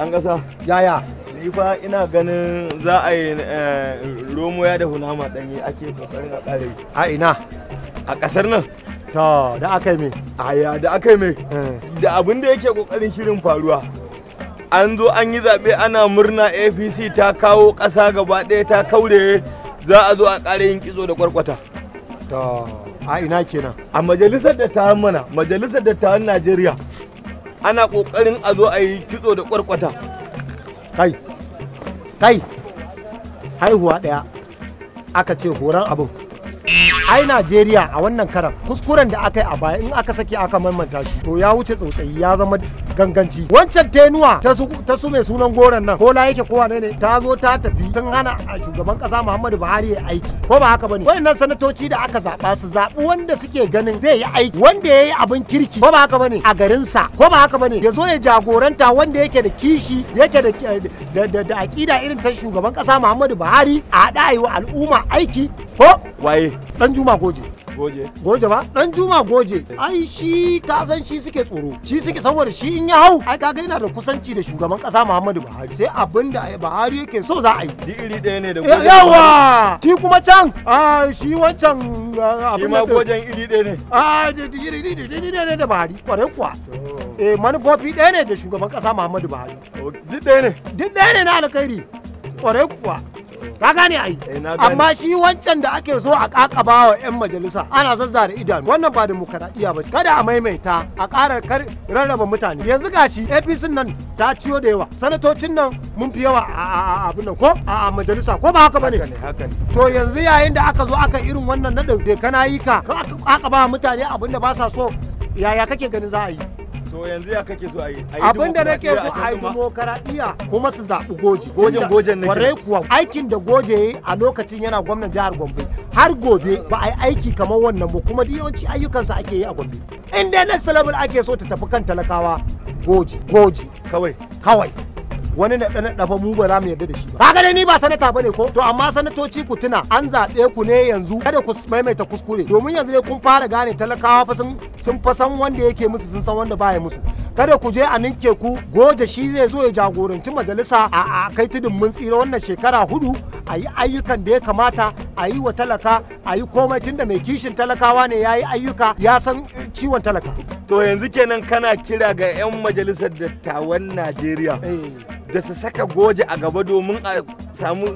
dan kasa ya ni fa ina ganin za a yi eh, romo ya da hunama danye ake kokarin a kare a ina a kasar nan to da aka yi mai. aya da aka yi me eh. da abin da yake kokarin shirin faruwa an zo an yi zaɓe ana murna apc ta kawo ƙasa gaba ɗaya ta kaure za a zo a ƙara yin kitso da kwarkwata to a ina kenan a majalisar da ta mana majalisar da ta najeriya ana ƙoƙarin a zo a yi kitso da kwarkwata kai kai haihuwa ɗaya, aka ce horon abin ai najeriya a wannan karan kuskuren da aka yi a baya in aka saki aka mamanta shi to ya wuce tsotsayi ya zama ganganci wancan tenuwa ta su mai sunan goron nan ko la yake kowa ne ta zo ta tafi sun hana a shugaban kasa Muhammadu Buhari ya aiki ko ba haka bane wayannan sanatoci da aka zaba su zabi wanda suke ganin zai yi aiki wanda yayi abin kirki ko ba haka bane a garin sa ko ba haka bane ya zo ya jagoranta wanda yake da kishi yake da eh, da da akida irin ta shugaban kasa Muhammadu Buhari a haɗa yi wa al'umma aiki ko waye dan Juma Goje Goje. Goje ba? Dan Juma Goje. Ai shi ka san shi suke tsoro. Shi suke saboda shi in ya hau ai kaga yana da kusanci da shugaban kasa Muhammadu Buhari. Sai abinda da Buhari yake so za a yi. Di iri ɗaya ne da eh, Goje. Yawa! Shi kuma can a shi wancan Shi ma Gojen iri daya ne. A iri ɗaya ne da Buhari. kware kuwa. Oh. Eh manufofi daya ne da shugaban kasa Muhammadu Buhari. Oh, duk daya ne. Duk daya ne na alkhairi. kware kuwa. ka gane ai eh, amma shi wancan da ake so a kakaba wa yan majalisa ana zazzara idanu wannan ba demokaradiyya ba kada a maimaita a ƙara rarraba mutane yanzu gashi APC nan ta ciyo da yawa sanatocin nan mun fi yawa a abin nan ko a majalisa ko ba haka bane to yanzu yayin da aka zo aka irin wannan na dauke kana yi ka ba mutane abin ba sa so yaya kake ganin za a yi to yanzu ya kake zo a yi abin da nake so a yi dimokuraɗiyya kuma su zaɓi goji gojen gojen nake warai kuwa aikin da goje ya yi a lokacin yana gwamnan jihar gombe har gobe ba a yi aiki kamar wannan ba kuma yawanci ayyukansa ake yi a gombe in dai next level ake so ta tafi kan talakawa goji goji kawai kawai wani na ɗan ɗafa mu ba za mu yarda da shi ba kaga dai ni ba sanata ba ne ko to amma sanatoci ku tuna an zaɓe ku ne yanzu kada ku maimaita kuskure domin yanzu ne kun fara gane talakawa fa sun fa san wanda yake musu sun san wanda baya musu kada ku je a ninke ku goje shi zai zo ya jagoranci majalisa a kai tudun mun tsira wannan shekara hudu a yi ayyukan da ya kamata a yi wa talaka a yi komai tunda mai kishin talakawa ne ya yi ayyuka ya san ciwon talaka to yanzu kenan kana kira ga 'yan majalisar dattawan najeriya eh. da su saka goje a gaba domin a samu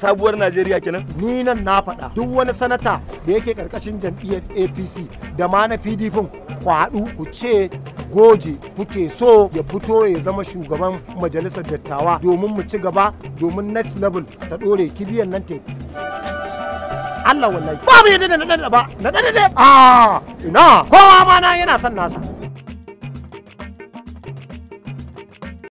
sabuwar Najeriya kenan? Ni nan na faɗa duk wani sanata da yake karkashin jam'iyyar APC da ma na PDP kwaɗu ku ce goje kuke so ya fito ya zama shugaban majalisar dattawa domin mu ci gaba domin next level ta ɗore kibiyan nan te. Allah wallahi ba mu yadda da na ɗaɗa ba na ɗaɗa ah, ina kowa ma na yana son nasa.